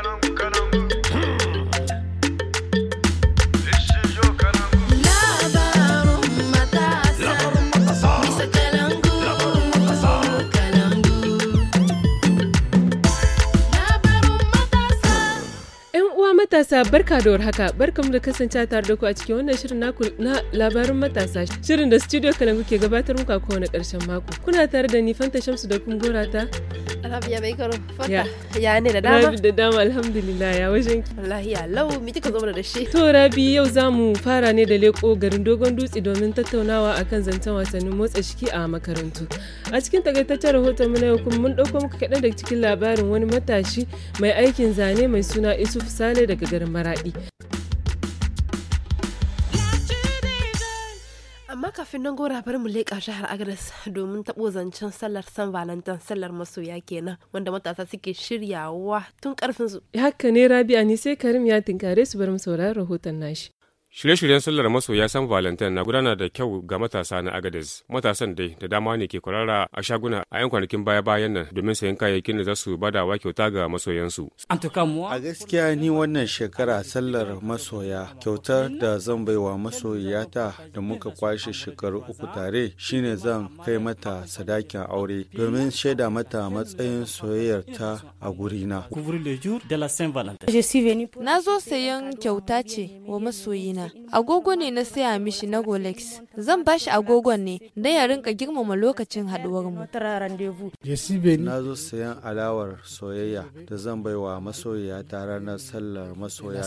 Buscaron, buscaron. matasa barka da warhaka barka da kasance tare da ku a cikin wannan shirin naku na labarin matasa shirin da studio kalangu ke gabatar muku a kowane karshen mako kuna tare da ni fanta shamsu da kun gora ta Rabia bai karo fanta ya ne da dama Rabi da dama alhamdulillah ya wajen ki wallahi ya lau mi kika zo da shi to Rabi yau zamu fara ne da leko garin dogon dutse domin tattaunawa akan zancen wasannin motsa shiki a makarantu a cikin takaitaccen rahoton mu na yau kuma mun dauko muku kaɗan daga cikin labarin wani matashi mai aikin zane mai suna Isuf Sale daga garin Maraɗi. amma kafin nan gora bari mu leƙa jihar agnes domin taɓo zancen sallar san valentine sallar masoya kenan wanda matasa suke shiryawa tun karfin su haka ne rabia ni sai karim ya tinkare su bari mu saurari rahoton nashi Shirye-shiryen sallar masoya San Valentine na gudana da kyau ga matasa na Agadez. Matasan dai da dama ne ke kwarara a shaguna a 'yan kwanakin baya-bayan nan domin sayan kayayyakin da za su badawa kyauta ga masoyansu. A gaskiya ni wannan shekara sallar masoya kyautar da zan bai wa masoyata da muka kwashe shekaru uku tare shine zan kai mata sadakin aure domin shaida mata matsayin soyayyar ta a gurina. Na zo sayan kyauta ce wa masoyina. na. Agogo ne na saya mishi na Rolex. Zan ba shi agogon ne dan ya rinka girmama lokacin haduwar mu. Na zo sayan alawar soyayya da zan baiwa masoyiya ta ranar sallar masoya.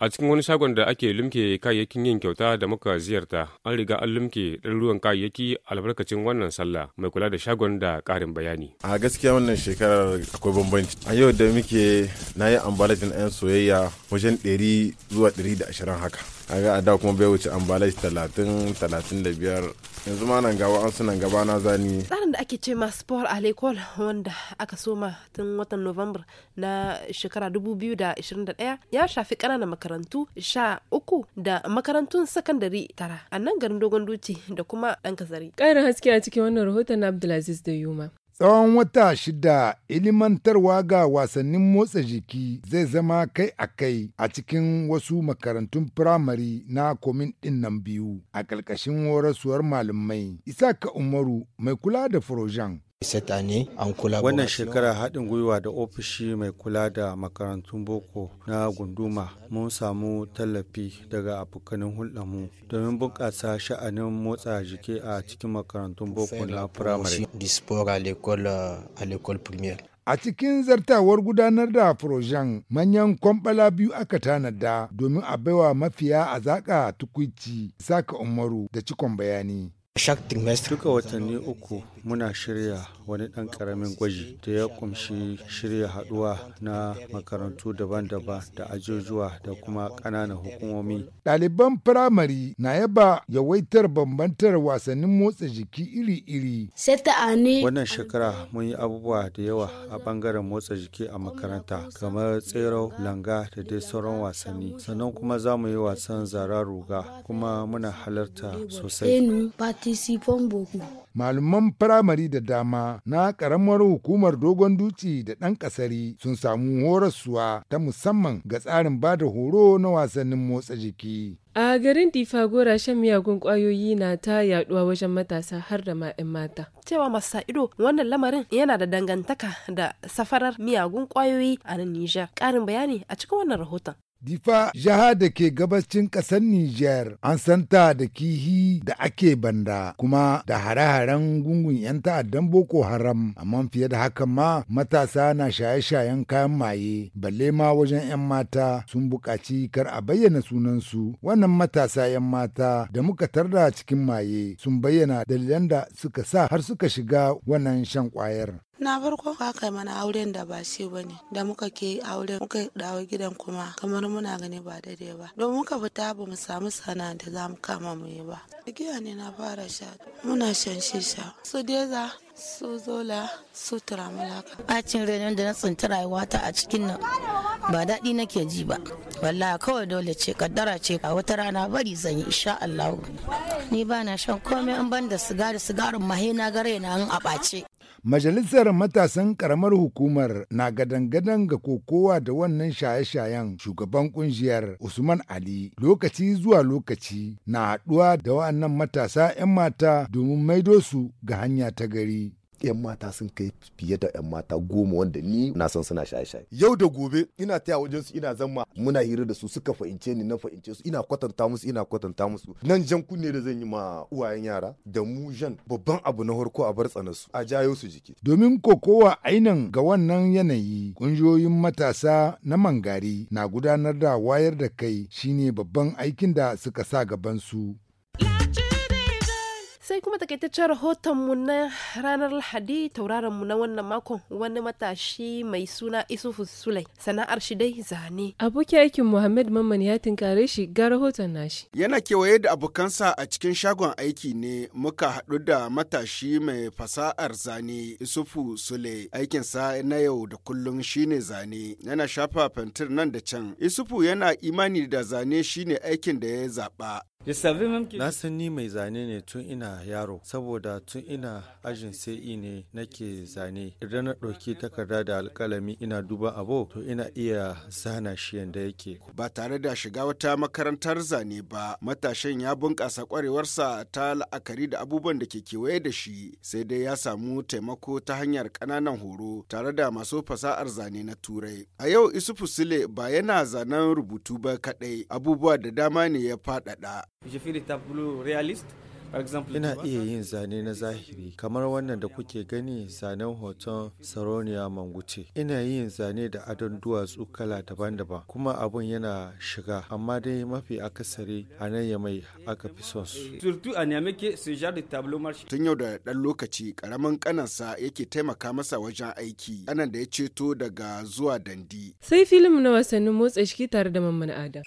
A cikin wani shagon da ake lumke kayayyakin yin kyauta da muka ziyarta, an riga an lumke ɗaruruwan kayayyaki albarkacin wannan sallah mai kula da shagon da ƙarin bayani. A gaskiya wannan shekarar akwai bambanci. A yau da muke na yi ambalajin 'yan soyayya wajen ɗari zuwa ɗari da ashirin haka. ga a da kuma bai wuce ambalage 30 35 yanzu ma nan gawa an sunan gaba na zani tsarin da ake ce ma sport alaikol wanda aka soma tun watan november na shekara 2021 ya shafi ƙananan makarantu sha uku da makarantun sakandare tara a nan garin dogon duci da kuma dan kazari ƙarin haske a cikin wannan rahoton abdulaziz da yuma Tsawon wata shida ilimantarwa ga wasannin motsa jiki zai zama kai a kai a cikin wasu makarantun firamare na komin ɗin biyu a ƙarƙashin horasuwar malamai. Isaka Umaru mai kula da furojan Wannan shekara haɗin gwiwa da ofishi mai kula da makarantun boko na gunduma mun samu tallafi daga abokanin hulɗarmu domin bunƙasa sha'anin motsa jiki a cikin makarantun boko na firamare. A cikin zartawar gudanar da furojen manyan kwambala biyu aka tanada domin a baiwa mafiya a zaƙa tukwici saka umaru da cikon bayani. Shark Tank Mun watanni uku muna shirya. wani ɗan ƙaramin gwaji da ya kumshi shirya haɗuwa na makarantu daban-daban da ajujuwa da kuma ƙananan hukumomi. Ɗaliban firamare na yaba yawaitar bambantar wasannin motsa jiki iri-iri. Wannan shekara mun yi abubuwa da yawa a ɓangaren motsa jiki a makaranta kamar tsero, langa da dai sauran wasanni. Sannan kuma za mu yi wasan zara ruga kuma muna halarta sosai. malaman firamare da dama na ƙaramar hukumar dogon duci da ɗan ƙasari sun samu horaswa ta musamman ga tsarin ba da horo na wasannin motsa jiki. A garin Difagora shan miyagun ƙwayoyi na ta yaduwa wajen matasa har da ma'in mata. Cewa masu ido wannan lamarin yana da dangantaka da safarar miyagun ƙwayoyi a nan Nijar. Ƙarin bayani a cikin wannan rahoton. Difa jiha da ke gabacin ƙasar Nijar an san ta da kihi da ake banda kuma da hare-haren gungun 'yan ta'addan Boko Haram, amma fiye da haka ma matasa na shaye-shayen kayan maye, balle ma wajen 'yan mata sun buƙaci kar a bayyana sunansu. Wannan matasa 'yan mata da muka tarda cikin maye sun bayyana dalilan da suka sa har suka shiga wannan shan ƙwayar. na farko haka mana auren da ba shi ne da muka ke auren muka dawo gidan kuma kamar muna gani ba daidai ba don muka fita ba mu samu sana da za mu kama mu yi ba giya ne na fara sha muna shan shisha su deza su zola su turamulaka bacin renon da na tsinta ta a cikin nan ba daɗi nake ji ba wallahi kawai dole ce kaddara ce a wata rana bari zan yi insha Allah ni ba na shan komai an banda sigari sigarin mahe na gare na an ɓace Majalisar matasan karamar hukumar na gadan-gadan ga kokowa da wannan shaye-shayen shugaban kungiyar Usman Ali lokaci zuwa lokaci na haɗuwa da wa'annan matasa 'yan mata domin maido su ga hanya ta gari. 'yan mata sun kai fiye da 'yan mata goma wanda ni na san suna shaye-shaye yau da gobe ina taya wajen su ina zama muna hira da su suka fahimce ni na fahimce su ina kwatanta musu ina kwatanta musu nan jan kunne da zan yi ma uwayen yara da mu jan babban abu na farko a bar su a jayo su jiki domin kokowa ainan ga wannan yanayi kungiyoyin matasa na mangari na gudanar da wayar da kai shine babban aikin da suka sa gaban su sai kuma takaitaccen rahotonmu na ranar lahadi tauraron mu na wannan makon wani matashi mai suna isufu sulai sana'ar shi dai zane aboki aikin muhammad mamman ya tinkare shi ga rahoton nashi yana kewaye da abokansa a cikin shagon aiki ne muka haɗu da matashi mai fasa'ar zane isufu sule aikinsa na yau da kullum shine zane yana shafa fentir nan da can isufu yana imani da zane shine aikin da ya zaɓa Na san ni mai zane ne tun ina yaro, saboda tun ina ajin sai e ne nake zane. Idan na ɗauki takarda da alƙalami ina duba abu, to ina iya zana shi yadda yake. Ba tare da shiga wata makarantar zane ba, matashin ya bunƙasa ƙwarewarsa ta la'akari da abubuwan da ke kewaye da shi, sai dai ya samu taimako ta hanyar ƙananan horo tare da masu fasa'ar zane na Turai. A yau Isufu Sule ba yana zanen rubutu ba kaɗai, abubuwa da dama ne ya faɗaɗa. Ina iya yin zane na zahiri kamar wannan da kuke gani zanen hoton Saroniya Manguce. Ina yin zane da adon duwatsu kala daban-daban kuma abun yana shiga amma dai mafi akasari a nan ya mai aka fi son su. Tun yau da ɗan lokaci ƙaramin ƙanansa yake taimaka masa wajen aiki anan da ya ceto daga zuwa dandi. Sai filim na wasannin motsa shi tare da Mamman Adam.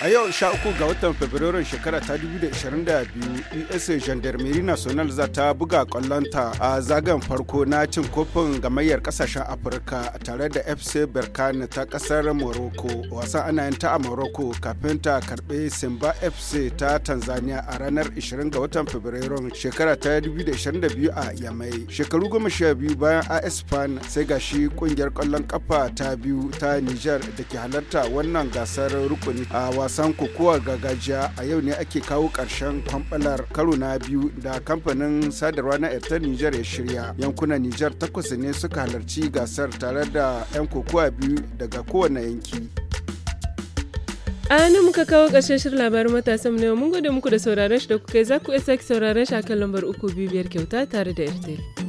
a yau sha uku ga watan fabrairun shekara ta 2022 usa gendarmerie national za ta buga kwallonta a zagayen farko na cin kofin gamayyar kasashen afirka tare da fc berkane ta kasar morocco wasan ana yin ta a morocco kafin ta karbe simba fc ta tanzania a ranar 20 ga watan fabrairun shekara ta 2022 a yamai shekaru goma sha biyu bayan as fan sai shi kungiyar kwallon kafa ta biyu ta niger da ke halarta wannan gasar rukuni a wasan kokowa gargajiya a yau ne ake kawo karshen kwamfalar karo na biyu da kamfanin sadarwa na airtel niger ya shirya yankunan niger takwas ne suka halarci gasar tare da 'yan kokowa biyu daga kowane yanki a ana muka kawo ƙarshen shirin labarin matasan na yau mun gode muku da sauraron shi da kuka yi za ku iya sake sauraron shi a kan lambar uku biyu biyar kyauta tare da airtel